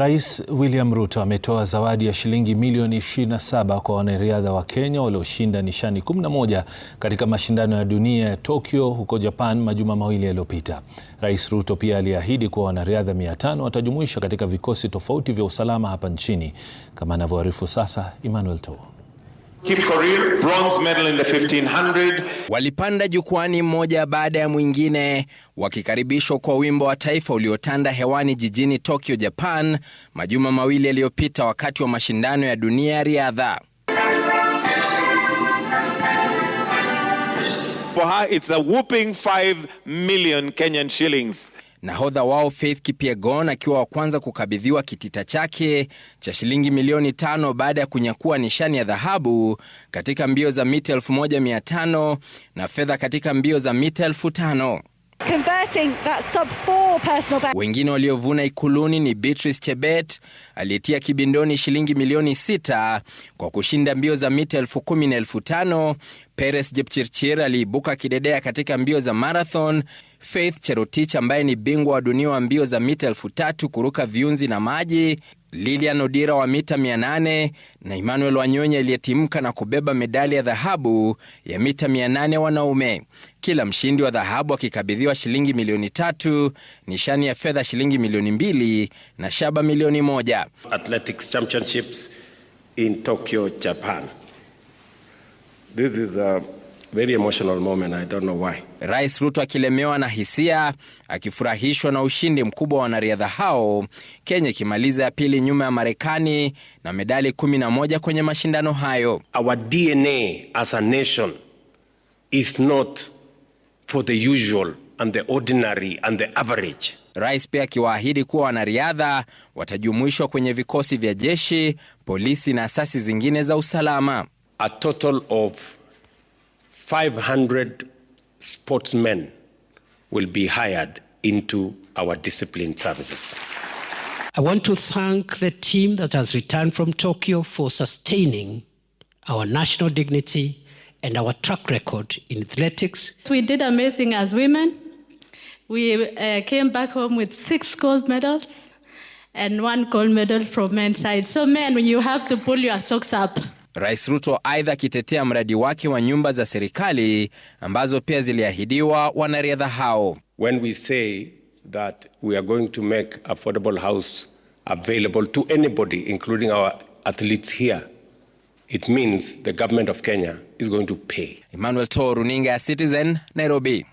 Rais William Ruto ametoa zawadi ya shilingi milioni 27 kwa wanariadha wa Kenya walioshinda nishani 11 katika mashindano ya dunia ya Tokyo huko Japan majuma mawili yaliyopita. Rais Ruto pia aliahidi kuwa wanariadha 500 watajumuishwa katika vikosi tofauti vya usalama hapa nchini, kama anavyoarifu sasa Emmanuel Too. Kim Korir, bronze medal in the 1500. Walipanda jukwani mmoja baada ya mwingine wakikaribishwa kwa wimbo wa taifa uliotanda hewani jijini Tokyo, Japan majuma mawili yaliyopita wakati wa mashindano ya dunia ya riadha. For her, it's a whopping 5 million Kenyan shillings nahodha wao Faith Kipyegon akiwa wa kwanza kukabidhiwa kitita chake cha shilingi milioni tano baada ya kunyakua nishani ya dhahabu katika mbio za mita 1500 na fedha katika mbio za mita 5 Wengine waliovuna ikuluni ni Beatrice Chebet aliyetia kibindoni shilingi milioni sita kwa kushinda mbio za mita elfu kumi na elfu tano Peres Jepchirchir aliibuka kidedea katika mbio za marathon. Faith Cherotich ambaye ni bingwa wa dunia wa mbio za mita elfu tatu kuruka viunzi na maji, Lilian Odira wa mita 800 na Emmanuel Wanyonyi aliyetimka na kubeba medali ya dhahabu ya mita 800 wanaume, kila mshindi wa dhahabu akikabidhiwa shilingi milioni tatu, nishani ya fedha shilingi milioni mbili na shaba milioni moja. Athletics Championships in Tokyo, Japan. This is a very emotional moment. I don't know why. Rais Ruto akilemewa na hisia akifurahishwa na ushindi mkubwa wa wanariadha hao, Kenya ikimaliza ya pili nyuma ya Marekani na medali 11 kwenye mashindano hayo. Our DNA as a nation is not for the usual and the ordinary and the average. Rais pia akiwaahidi kuwa wanariadha watajumuishwa kwenye vikosi vya jeshi, polisi na asasi zingine za usalama. a total of 500 sportsmen will be hired into our discipline services. I want to thank the team that has returned from Tokyo for sustaining our national dignity and our track record in athletics. We did amazing as women. We uh, came back home with six gold medals and one gold medal from men's side. So men, you have to pull your socks up. Rais Ruto aidha akitetea mradi wake wa nyumba za serikali ambazo pia ziliahidiwa wanariadha hao. When we say that we are going to make affordable house available to anybody including our athletes here it means the government of Kenya is going to pay. Emmanuel Toro, runinga ya Citizen, Nairobi.